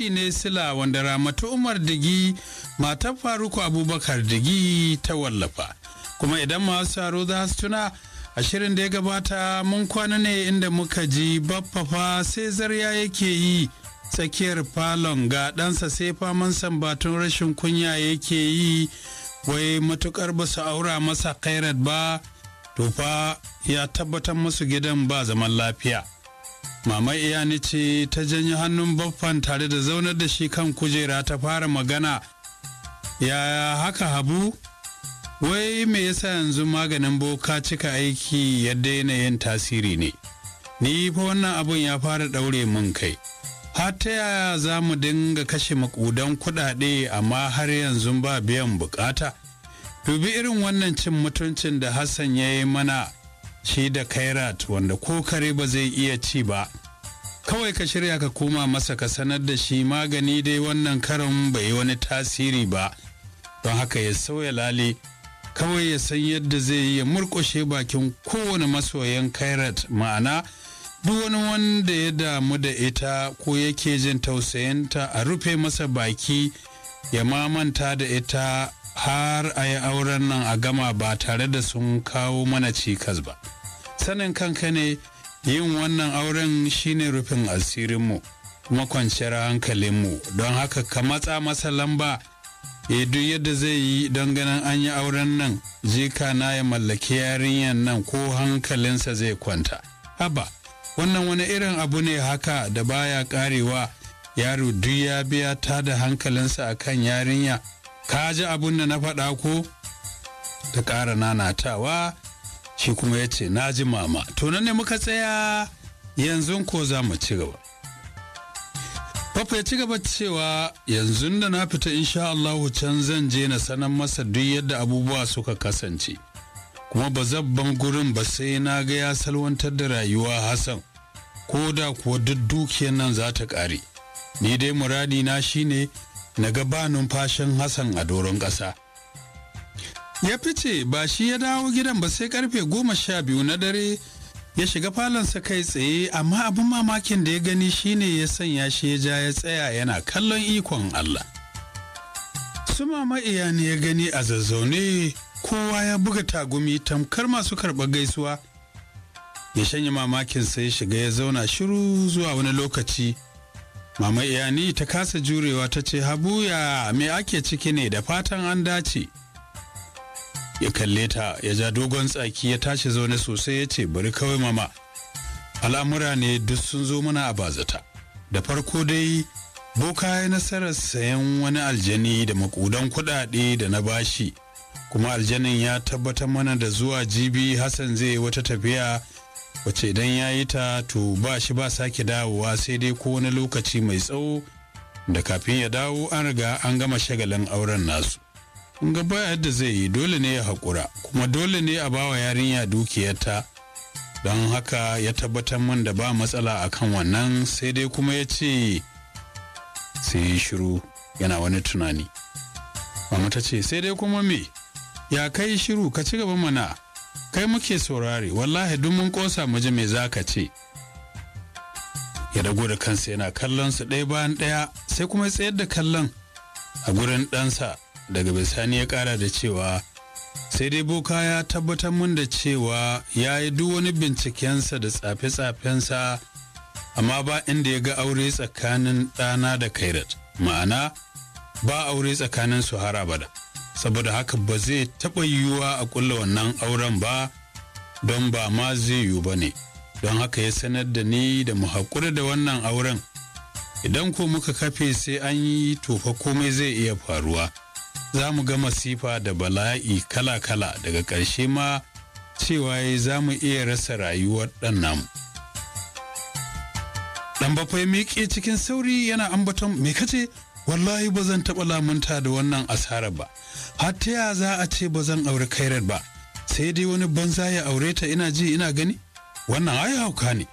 shi ne sila wanda ramatu umar digi matar faruku abubakar digi ta wallafa kuma idan masu saro za su tuna a shirin da ya gabata mun kwana ne inda muka ji baffafa sai zarya yake yi tsakiyar falon ga ɗansa sai faman sambatun rashin kunya yake yi wai matukar ba su aura masa kairat ba to fa ya tabbatar masu gidan ba zaman lafiya mama iyani ce ta janyo hannun baffan tare da zaunar da shi kan kujera ta fara magana ya haka habu wai me yasa yanzu maganin boka cika aiki ya daina yin tasiri ne ni fa wannan abun ya fara ɗaure mun kai har ta yaya za mu dinga kashe makudan kuɗaɗe amma har yanzu ba biyan bukata dubi irin wannan cin mutuncin da hassan ya yi mana shi da kairat wanda ko kare ba zai iya ci ba kawai ka shirya ka koma masa ka sanar da shi magani dai wannan karan bai yi wani tasiri ba don haka ya sauya lale kawai ya san yadda zai yi ya murƙushe bakin kowane masoyan kairat ma'ana duk wani wanda ya damu da ita ko yake jin tausayinta a rufe masa baki ya mamanta da ita har a yi auren nan a gama ba tare da sun kawo mana cikas ba sanin kanka ne yin wannan auren shine rufin asirinmu kuma kwanciyar hankalinmu don haka ka matsa masa lamba e duk yadda zai yi don ganin an yi auren nan jika na ya mallaki yarinyar nan ko hankalinsa zai kwanta haba wannan wani irin abu ne haka da baya karewa yaro duk ya biya ta da hankalinsa akan yarinya ka ji abun da na faɗa ko ta ƙara nanatawa shi kuma ya ce na ji mama to nan ne muka tsaya yanzu ko za mu ci gaba Papa ya ci gaba cewa yanzu da na fita insha Allah can zan je na sanan masa duk yadda abubuwa suka kasance kuma ba zabban gurin ba sai na ga ya salwantar da rayuwa Hassan ko da kuwa duk dukiyar nan za ta ƙare ni dai muradi na shine na ga ba numfashin Hassan a doron ƙasa. Ya fice ba shi ya dawo gidan ba sai karfe goma sha biyu na dare ya shiga falonsa kai tsaye amma abin mamakin da ya gani shine ya sanya shi ya ja ya tsaya yana kallon ikon Allah. Su mama iyani ya gani a zazzaune kowa ya buga tagumi tamkar masu karɓar gaisuwa. Ya shanye mamakin sai shiga ya zauna shiru zuwa wani lokaci. Mama Iyani ta kasa jurewa ta ce habuya me ake ciki ne da fatan an dace. Ya kalle ta ya ja dogon tsaki ya tashi zaune sosai ya ce bari kawai mama. Al'amura ne duk sun zo mana a bazata. Da farko dai boka ya nasarar sayan wani aljani da makudan kuɗaɗe da na bashi. Kuma aljanin ya tabbatar mana da zuwa jibi Hassan zai wata tafiya wacce idan ya yi ta to ba shi ba sake dawowa sai dai ko wani lokaci mai tsawo da kafin ya dawo an riga an gama shagalin auren nasu kun ga ba yadda zai yi dole ne ya haƙura kuma dole ne a bawa yarinya dukiyarta don haka ya tabbatar min da ba matsala akan wannan sai dai kuma ya ce sai shiru yana wani tunani mama ta ce sai dai kuma me ya kai shiru ka ci gaba mana kai muke saurare wallahi duk mun kosa mu ji me zaka ce ya dago da kansa yana kallon su ɗaya bayan ɗaya sai kuma ya tsayar da kallon a gurin ɗansa daga bisani ya ƙara da cewa sai dai boka ya tabbatar mun da cewa ya yi duk wani bincikensa da tsafe-tsafensa amma ba inda ya ga aure tsakanin ɗana da kairat ma'ana ba aure tsakanin su ba da. saboda haka ba zai taɓa yiwuwa a ƙulla wannan auren ba don ba ma zai yiwu ba ne don haka ya sanar da ni da mu haƙura da wannan auren idan ko muka kafe sai an yi tofa komai zai iya faruwa za mu ga masifa da bala'i kala-kala daga ƙarshe ma cewa eh, za mu iya rasa rayuwar ɗan namu ɗan bakwai miƙe cikin sauri yana ambaton me kace wallahi ba zan taɓa lamunta da wannan asarar ba har ta ya za a ce ba zan aure kairar ba sai dai wani banza ya aure ta ina ji ina gani wannan ai hauka ne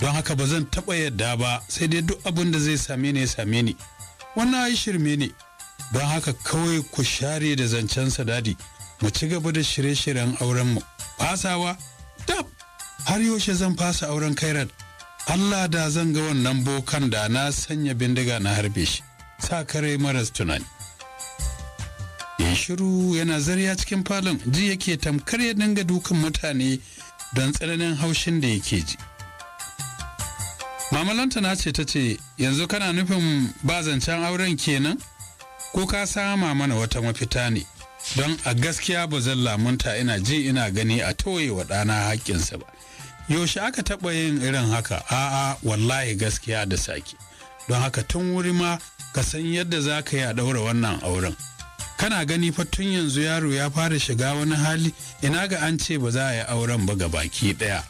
don haka ba zan taɓa yadda ba sai dai duk abin da zai same ni ya same ni wannan ai shirme ne don haka kawai ku share da zancen sadadi mu ci gaba da shirye-shiryen aurenmu fasawa tab har yaushe zan fasa auren kairat Allah da zan ga wannan bokan da na sanya bindiga na harbe shi sa kare maras tunani shiru yana zarya cikin falon ji yake tamkar ya dinga dukan mutane don tsananin haushin da yake ji mamalanta na ce ta ce yanzu kana nufin ba zancen auren kenan ko ka sama mana wata mafita ne don a gaskiya ba zan lamunta ina ji ina gani a toye wa ɗana haƙƙinsa ba yaushe aka taɓa yin irin haka a'a wallahi gaskiya da sake don haka tun wuri ma ka san yadda za ka yi a ɗaura wannan auren kana gani fa tun yanzu yaro ya fara shiga wani hali ina ga an ce ba za a yi auren ba ga baki ɗaya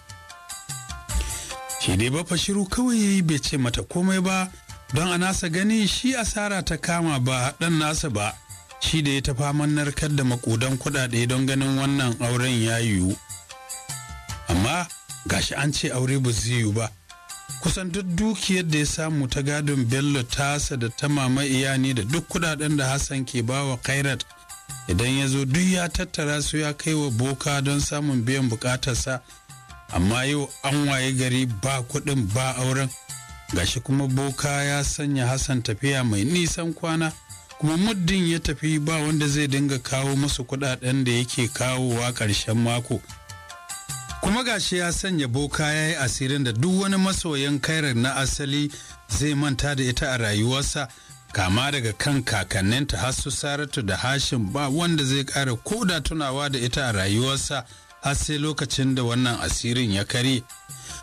shi dai ba fa shiru kawai yi bai ce mata komai ba don a nasa gani shi asara ta kama ba ɗan nasa ba shi da ya ta faman narkar da makudan kuɗaɗe don ganin wannan auren ya yiwu amma gashi an ce aure ba zai yiwu ba kusan duk dukiyar da ya samu ta gadon bello tasa da ta mama iyani da duk kudaden da hassan ke bawa kairat idan ya zo duk ya tattara su ya kai wa boka don samun biyan bukatarsa amma yau an waye gari ba kudin ba auren gashi kuma boka ya sanya hassan tafiya mai nisan kwana kuma muddin ya tafi ba wanda zai dinga kawo masu kudaden da yake kawowa ƙarshen mako kuma gashi ya sanya boka ya yi asirin da duk wani masoyan kairar na asali zai manta da ita a rayuwarsa kama daga kan kakanninta har su saratu da hashin ba wanda zai ƙara koda tunawa da ita a rayuwarsa har sai lokacin da wannan asirin ya kare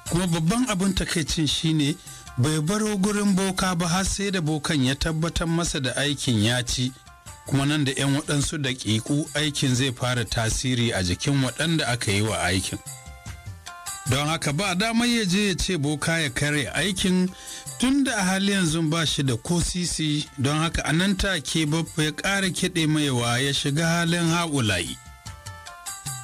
kuma babban abin takaicin shine bai baro gurin boka ba har sai da bokan ya tabbatar masa da aikin ya ci kuma nan da 'yan waɗansu daƙiƙu aikin zai fara tasiri a jikin waɗanda aka yi wa aikin. don haka ba damar ya je ya ce boka ya kare aikin tunda a hali yanzu ba shi da ko sisi don haka a nan take babba ya ƙara kiɗe maiwa ya shiga halin haƙulayi.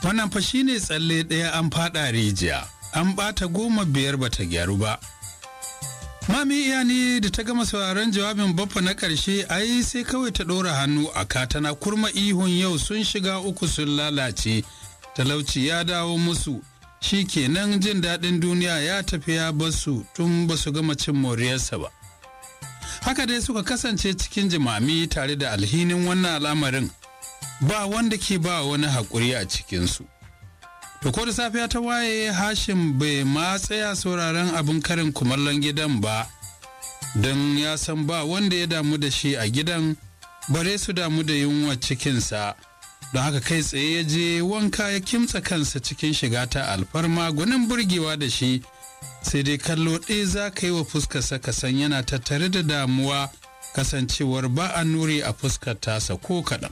wannan fa ne tsalle ɗaya an faɗa rijiya an ɓata goma biyar bata gyaru ba mami iya ne da ta gama sauraron jawabin babba na ƙarshe ai sai kawai ta ɗora hannu a katana kurma ihun yau sun shiga uku sun lalace talauci ya dawo musu shi kenan jin daɗin duniya ya tafi ya basu tun ba su gama cin moriyarsa ba haka dai suka kasance cikin jimami tare da alhinin wannan al'amarin ba wanda ke ba wani haƙuri a cikinsu to ko da safiya ta waye hashim bai ma tsaya sauraron abin karin kumallon gidan ba don ya san ba wanda ya damu da shi a gidan bare su damu da yunwa cikinsa don haka kai tsaye ya je wanka ya kimtsa kansa cikin shiga ta alfarma gunin burgewa da shi sai dai kallo ɗaya za ka yi wa fuskarsa kasan yana tattare da damuwa kasancewar ba a nuri a fuskar tasa ko kaɗan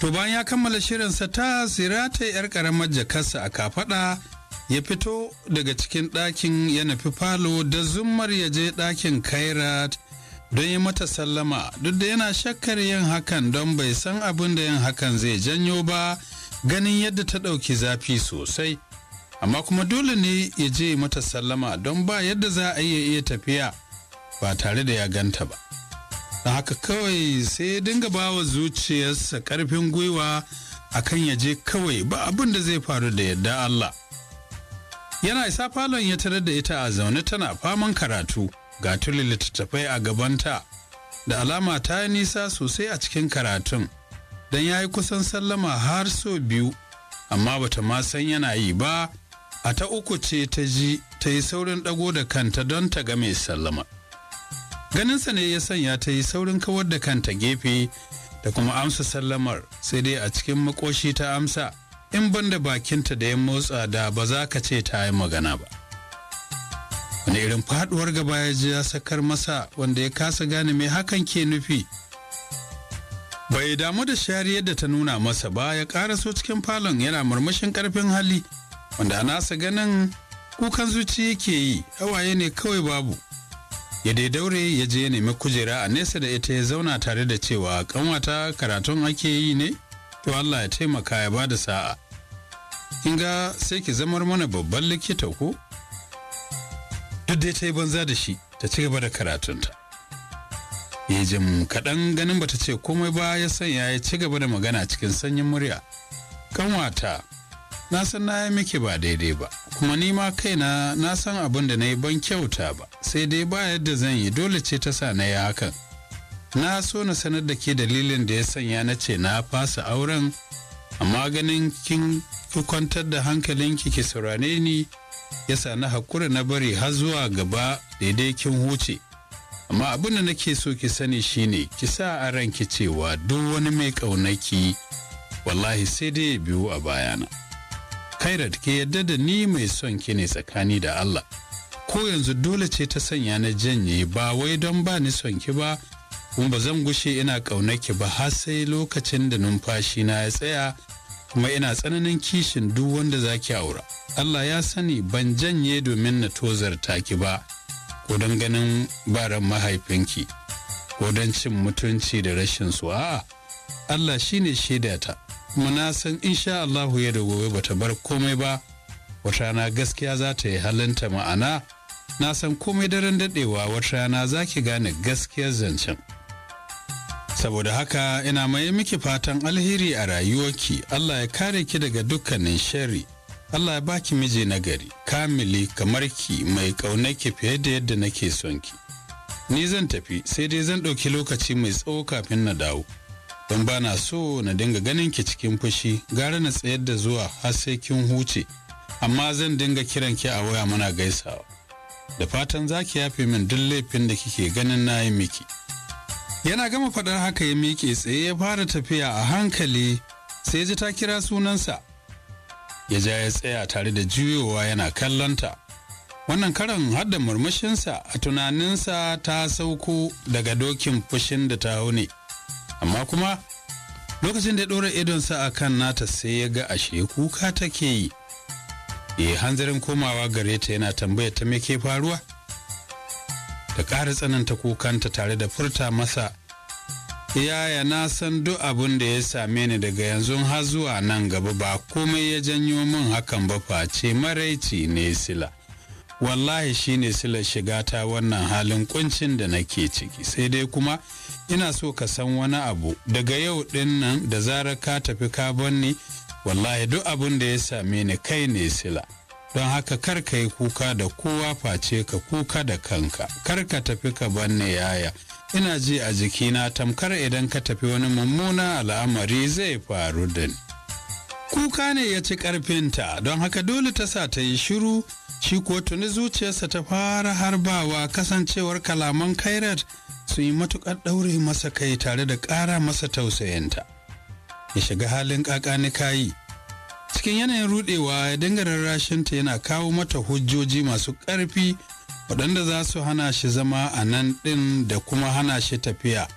to bayan ya kammala shirinsa ta zirata yar ƙaramar jakarsa a kafaɗa ya fito daga cikin ɗakin ya nufi falo da zummar ya je ɗakin kairat don yi mata sallama duk da yana shakkar yin hakan don bai san abin da yin hakan zai janyo ba ganin yadda ta ɗauki zafi sosai amma kuma dole ne ya je mata sallama don ba yadda za a iya iya tafiya ba tare da ya ganta ba don haka kawai sai ya dinga ba wa zuciyarsa ƙarfin gwiwa a kan ya je kawai ba abin da zai faru da yadda Allah yana isa falon ya tarar da ita a zaune tana faman karatu ga tuli littattafai a gabanta da alama ta yi nisa sosai a cikin karatun don ya yi kusan sallama har so biyu amma bata ma san yana yi ba a ta uku ce ta ji ta yi saurin ɗago da kanta don ta ga mai sallama ganinsa ne ya sanya ta yi saurin kawar da kanta gefe da kuma amsa sallamar sai dai a cikin makoshi ta amsa in banda bakinta da ya motsa da ba za ka ce ta yi magana ba wani irin faduwar gaba ya ji ya sakar masa wanda ya kasa gane mai hakan ke nufi bai damu da shari yadda ta nuna masa ba ya karaso cikin falon yana murmushin karfin hali wanda a nasa ganin kukan zuci yake yi hawaye ne kawai babu ya dai daure ya je ya nemi kujera a nesa da ita ya zauna tare da cewa kanwata karatun ake yi ne to Allah ya taimaka ya bada sa'a in ga sai ki zamar mana babban likita ko duk dai ta yi banza da shi ta ci gaba da karatunta ya jin mm, kaɗan ganin bata ce komai ba ya sanya ya ci gaba da magana cikin sanyin murya kanwata na san na yi miki ba daidai ba kuma ni ma kaina na san abin da na yi ban kyauta ba sai dai ba yadda zan yi dole ce ta sa na yi hakan na so na sanar da ke dalilin da ya sanya na ce na fasa auren amma ganin kin kwantar da hankalinki ki saurare ni yasa na haƙura na bari har zuwa gaba daidai kin huce amma abin da nake so ki sani shine ki sa a ranki cewa duk wani mai ƙaunaki wallahi sai dai biyu a bayana kairat ke yadda da ni mai son ki ne tsakani da Allah ko yanzu dole ce ta sanya na janye ba wai don ba ni son ki ba kuma ba zan gushe ina ƙaunaki ba har sai lokacin da numfashi na ya tsaya kuma ina tsananin kishin duk wanda za ki aura Allah ya sani ban janye domin na tozarta ki ba ko don ganin baran mahaifinki ko don cin mutunci da rashin su a'a Allah shine shaidata kuma na san insha Allahu ya da gobe bata bar komai ba wata rana gaskiya za ta yi halinta ma'ana na san komai daren dadewa wata rana za ki gane gaskiyar zancen. saboda haka ina mai miki fatan alheri a rayuwarki Allah ya kare ki daga dukkanin shari Allah ya baki miji nagari kamili kamar ki mai ki fiye da yadda nake son ki ni zan tafi sai dai zan ɗauki lokaci mai tsawo kafin na dawo don ba na so na dinga ganin ki cikin fushi gara na tsayar da zuwa har sai kin huce amma zan dinga kiran ki a waya muna gaisawa da fatan za ki yafe min duk laifin da kike ganin na yi miki yana gama faɗar haka ya miƙe tsaye ya fara tafiya a hankali sai ji ta kira sunansa ya ja ya tsaya tare da juyowa yana kallonta wannan karan har murmushinsa a tunaninsa ta sauko daga dokin fushin da ta hau ne amma kuma lokacin da ya ɗora idonsa a kan nata sai ya ga ashe kuka take yi E, hanzarin komawa gare ta yana tambaya ta me ke faruwa da ƙara tsananta kukanta tare da furta masa yaya na san duk abin da ya same ni daga yanzu har zuwa nan gaba ba komai ya janyo min hakan ba face maraici ne sila wallahi shi ne sila shiga ta wannan halin kuncin da nake ciki sai dai kuma ina so ka san wani abu daga yau din nan da zarar ka tafi ka ni wallahi duk abin da ya same ni kai ne sila don haka kar ka yi kuka da kowa face ka kuka da kanka kar ka tafi ka banne yaya ina ji a jikina tamkar idan ka tafi wani mummuna al'amari zai faru da ni kuka ne ya ci ƙarfinta don haka dole ta sa ta yi shiru shi ko tuni zuciyarsa ta fara harbawa kasancewar kalaman kairat su yi matuƙar ɗaure masa kai tare da ƙara masa tausayinta ya shiga halin ƙaƙani kayi cikin yanayin rudewa dangarar rashinta yana kawo mata hujjoji masu ƙarfi waɗanda za su hana shi zama a nan ɗin da kuma hana shi tafiya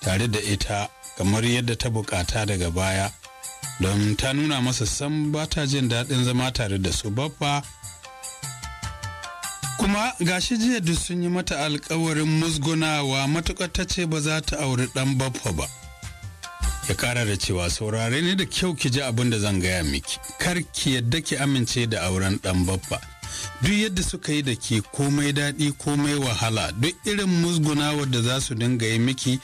tare da ita kamar yadda ta bukata daga baya don ta nuna masa san ba ta jin daɗin zama tare da su babba kuma gashi jiya duk sun yi mata alkawarin musgunawa matuƙar ta ce ba za ta auri ɗan babba ba. ya kara da cewa saurare ne da kyau ki ji abin da zan gaya miki kar ki yadda ki amince da auren dan babba duk yadda suka yi da ke komai daɗi komai wahala duk irin musgunawar da za su dinga yi miki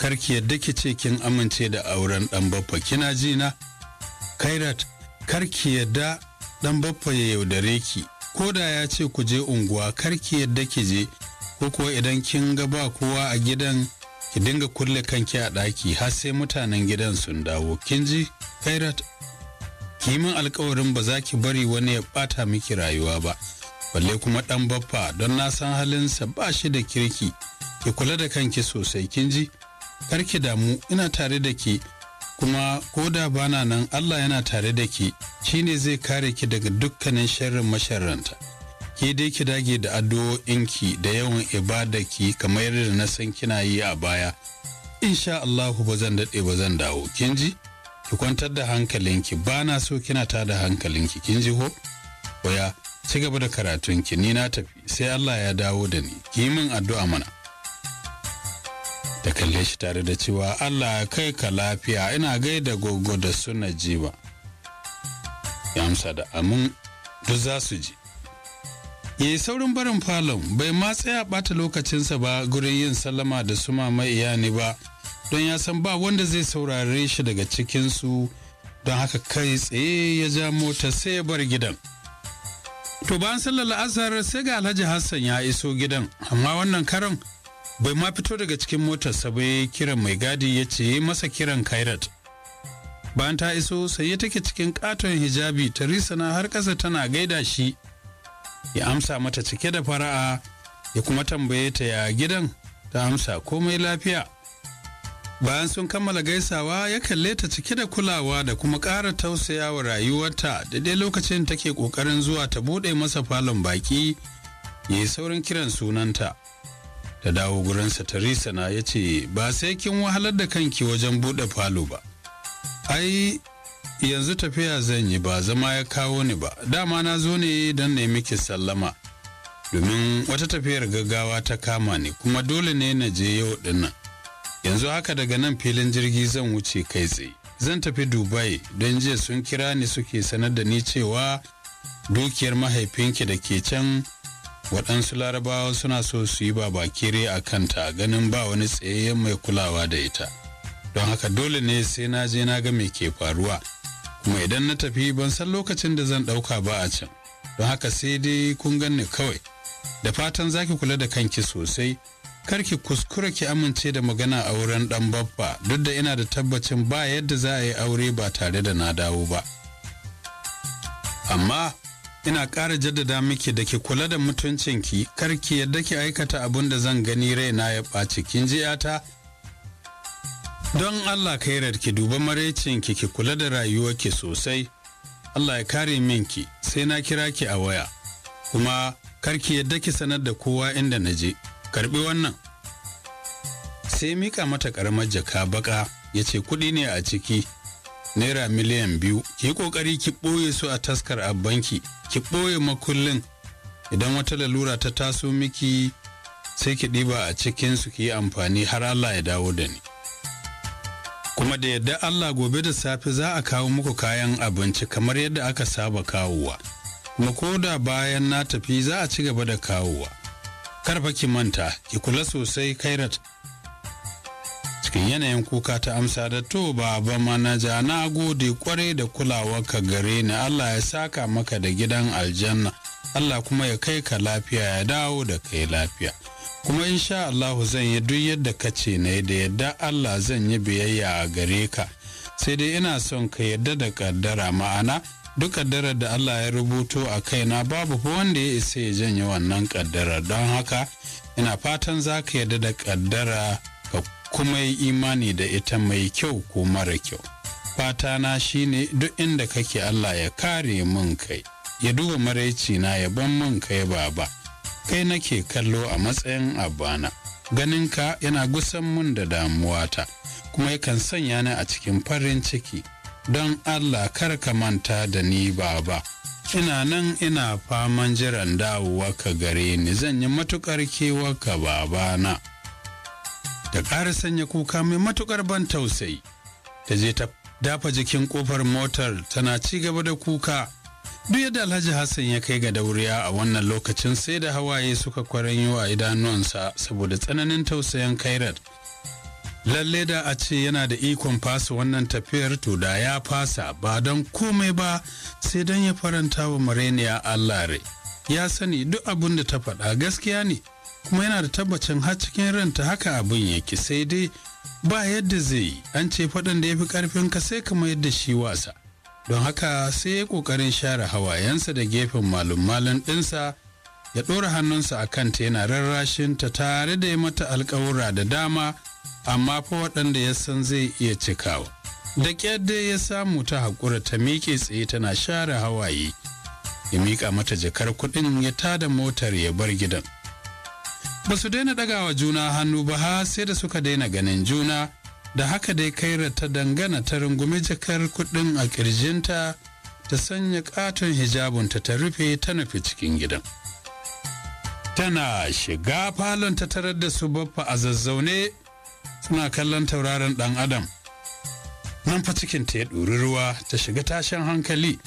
kar ki yadda ki ce kin amince da auren dan babba kina ji na kairat kar ki yadda dan babba ya yaudare ki ko da ya ce ku je unguwa kar ki yadda ki je ko kuwa idan kin ga ba kowa a gidan ki dinga kulle kanki a ɗaki har sai mutanen gidan sun dawo kin ji kairat ki min alkawarin ba za ki bari wani ya ɓata miki rayuwa ba balle kuma ɗan baffa don na san sa ba shi da kirki ki kula da kanki sosai kin ji kar ki damu ina tare da ki kuma ko da bana nan Allah yana tare da ki shine zai kare ki daga dukkanin sharrin masharranta ki dai ki dage da addu'o'inki da yawan ibada ki kamar yadda na san kina yi a baya insha Allah ba zan dade ba zan dawo kin ji ki kwantar da hankalinki ba na so kina ta da hankalinki kin ji ho waya ci gaba da karatunki ni na tafi sai Allah ya dawo da ni ki min addu'a mana da kalle shi tare da cewa Allah ya kai ka lafiya ina gaida gogo da suna jiba ya amsa da amin duk za su ji ya yi saurin barin falon bai ma tsaya bata lokacinsa ba gurin yin sallama da su mamaye iyani ba don ya san ba wanda zai saurare shi daga cikinsu don haka kai tsaye ya ja mota sai ya bar gidan to bayan sallar la'asar sai ga alhaji hassan ya iso gidan amma wannan karan bai ma fito daga cikin motar ba kiran mai gadi ya ce masa kiran kairat bayan ta iso sai ya take cikin katon hijabi tarisana risana har ƙasa tana gaida shi ya amsa mata cike da fara'a ya kuma tambaye ta ya gidan ta amsa komai lafiya bayan sun kammala gaisawa ya kalle ta cike da kulawa da kuma ƙara tausaya wa rayuwarta da daidai lokacin take ƙoƙarin zuwa ta buɗe masa falon baƙi ya yi saurin kiran sunanta Ta dawo gurinsa ta risana, ya ce ba sai kin wahalar da kanki wajen buɗe falo ba ai yanzu tafiya zan yi ba zama ya kawo ni ba dama na zo ne don na miki sallama domin wata tafiyar gaggawa ta kama ni kuma dole ne na je yau dinnan yanzu haka daga nan filin jirgi zan wuce kai tsaye zan tafi dubai don jiya sun kira ni suke sanar da ni cewa dukiyar mahaifinki da ke can waɗansu larabawa suna so su yi babakire a kanta ganin ba wani tsayayyen mai kulawa da ita don haka dole ne sai na je na ga me ke faruwa kuma idan na tafi ban san lokacin da zan ɗauka ba a can don haka sai dai kun ganni kawai da fatan zaki kula da kanki sosai kar ki kuskura ki amince da magana a wurin ɗan babba duk da ina da tabbacin ba yadda za a yi aure ba tare da na dawo ba amma ina ƙara jaddada miki da ki kula da mutuncinki kar ki yadda ki aikata abin da zan gani raina ya ɓaci kin ji 'yata don allah kairar ki duba maraicin ki ki kula da rayuwar ki sosai allah ya kare min ki sai na kira ki a waya kuma kar ki yadda ki sanar da kowa inda na je karbi wannan sai mika mata karamar jaka baka ya ce kuɗi ne a ciki naira miliyan biyu ki yi ƙoƙari ki ɓoye su a taskar a banki, ki ɓoye makullin idan wata lalura ta taso miki sai ki ɗiba a cikinsu ki yi amfani har Allah ya dawo da ni kuma da yadda Allah gobe da safe za a kawo muku kayan abinci kamar yadda aka saba kawowa kuma ko da bayan na tafi za a ci gaba da kawowa karfa ki manta ki kula sosai kairat cikin yanayin kuka ta amsa da to baba manaja na gode kwarai da ka gare ni Allah ya saka maka da gidan aljanna Allah kuma ya kai ka lafiya ya dawo da kai lafiya kuma in sha Allahu zan yi duk yadda ka ce na da yadda Allah zan yi biyayya a gare ka sai dai ina son ka yadda da kaddara ma'ana duk kaddarar da Allah ya rubuto a kaina babu ko wanda ya isa ya janye wannan kaddara don haka ina fatan za ka yadda da kaddara ka kuma yi imani da ita mai kyau ko mara kyau fata na shine duk inda kake Allah ya kare mun kai ya duba maraici na ya ban mun kai baba kai nake kallo a matsayin abana ganin ka yana gusan mun da damuwata kuma yakan sanya ni a cikin farin ciki don allah kar ka manta da ni baba ina nan ina faman jiran ka gare ni zan yi matukar kewarka babana da ƙara sanya kuka mai matukar ban tausayi ta je ta dafa jikin kofar motar tana ci gaba da kuka duk yadda alhaji hassan ya kai ga dauriya a wannan lokacin sai da hawaye suka kwaranyo a idanuwansa saboda tsananin tausayin kairat lalle da a ce yana da ikon fasa wannan tafiyar to da ya fasa ba don komai ba sai don ya faranta wa mareniya allah rai ya sani duk abin da ta faɗa gaskiya ne kuma yana da tabbacin har cikin ranta haka abin yake sai dai ba yadda zai yi an ce faɗin da ya fi ka sai ka yadda shi wasa don haka sai ya ƙoƙarin share hawayensa da gefen malum ɗinsa ya ɗora hannunsa a kanta yana rarrashin ta tare da ya mata alƙawura da dama amma fa waɗanda ya san zai iya cikawa da kyar dai ya samu ta haƙura ta miƙe tsaye tana share hawaye ya miƙa mata jakar kuɗin ya tada motar ya bar gidan ba su daina ɗagawa juna hannu ba ha sai da suka daina ganin juna da haka dai kaira ta dangana ta rungumi jakar kudin a kirjinta ta sanya katon hijabunta ta rufe ta nufi cikin gidan tana shiga falon ta tarar da su baffa a zazzaune suna kallon tauraron ɗan adam nan fa cikinta ya ɗori ruwa ta shiga tashin hankali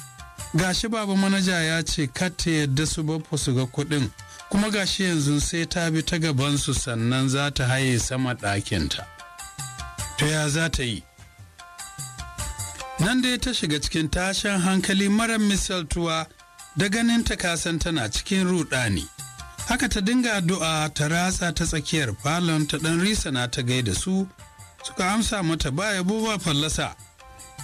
gashi babu manaja ya ce kata yadda su baffa su ga kuɗin kuma gashi yanzu sai ta bi ta gabansu sannan za ta haye sama ɗakinta to ya za ta yi nan dai ta shiga cikin tashin hankali mara misaltuwa da ganin ta kasan tana cikin rudani haka ta dinga addu'a ta ratsa ta tsakiyar falon ta Risa na ta gaida su suka amsa mata ba yabo ba fallasa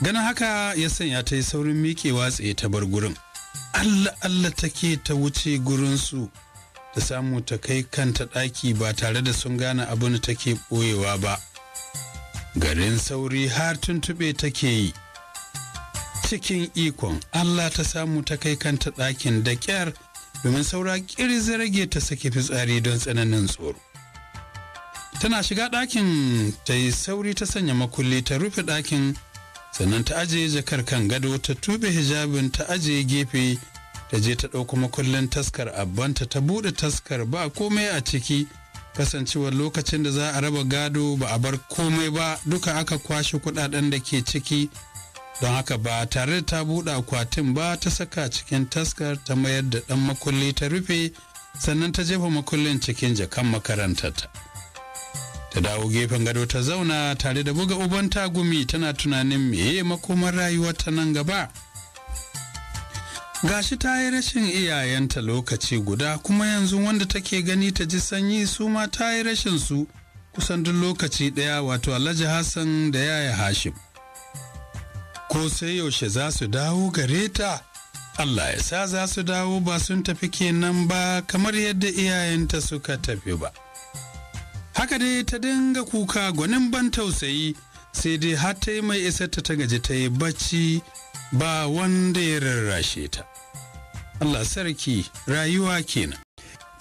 ganin haka ya sanya ta yi saurin miƙewa tsaye ta bar gurin allah allah take ta wuce gurin su samu ta kai kanta ɗaki ba tare da sun gane abin da take ɓoyewa ba garin sauri har tuntube take yi cikin ikon Allah ta samu ta kai kanta ɗakin da ƙyar domin saura ƙirzi rage ta sake fitsari don tsananin tsoro tana shiga ɗakin ta yi sauri ta sanya makulli ta rufe ɗakin sannan ta ajiye jakar kan gado ta tube hijabin ta ajiye gefe ta je ta ɗauko makullin taskar abbanta ta buɗe taskar ba komai a ciki kasancewar lokacin da za a raba gado ba a bar komai ba duka aka kwashe kudaden da ke ciki don haka ba tare da ta buɗe akwatin ba ta saka cikin taskar ta mayar da ɗan makulli ta rufe sannan ta jefa makullin cikin jakan makarantarta ta dawo gefen gado ta zauna tare da buga uban tagumi tana tunanin meye makomar rayuwar ta nan gaba gashi ta yi rashin iyayenta lokaci guda kuma yanzu wanda take gani ta ji sanyi su ma ta yi rashin su kusan duk lokaci ɗaya wato alhaji hassan da yaya hashim ko sai yaushe za su dawo gare ta allah ya sa za su dawo ba sun tafi kenan ba kamar yadda iyayenta suka tafi ba haka dai ta dinga kuka gwanin ban tausayi sai dai har ta yi mai isar ta gaji ta yi bacci ba wanda ya rarrashe ta Allah sarki rayuwa kenan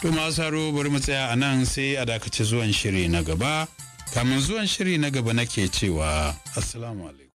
to masaro bari mu tsaya a nan sai a dakaci zuwan shiri na gaba kamin zuwan shiri na gaba nake cewa assalamu alaikum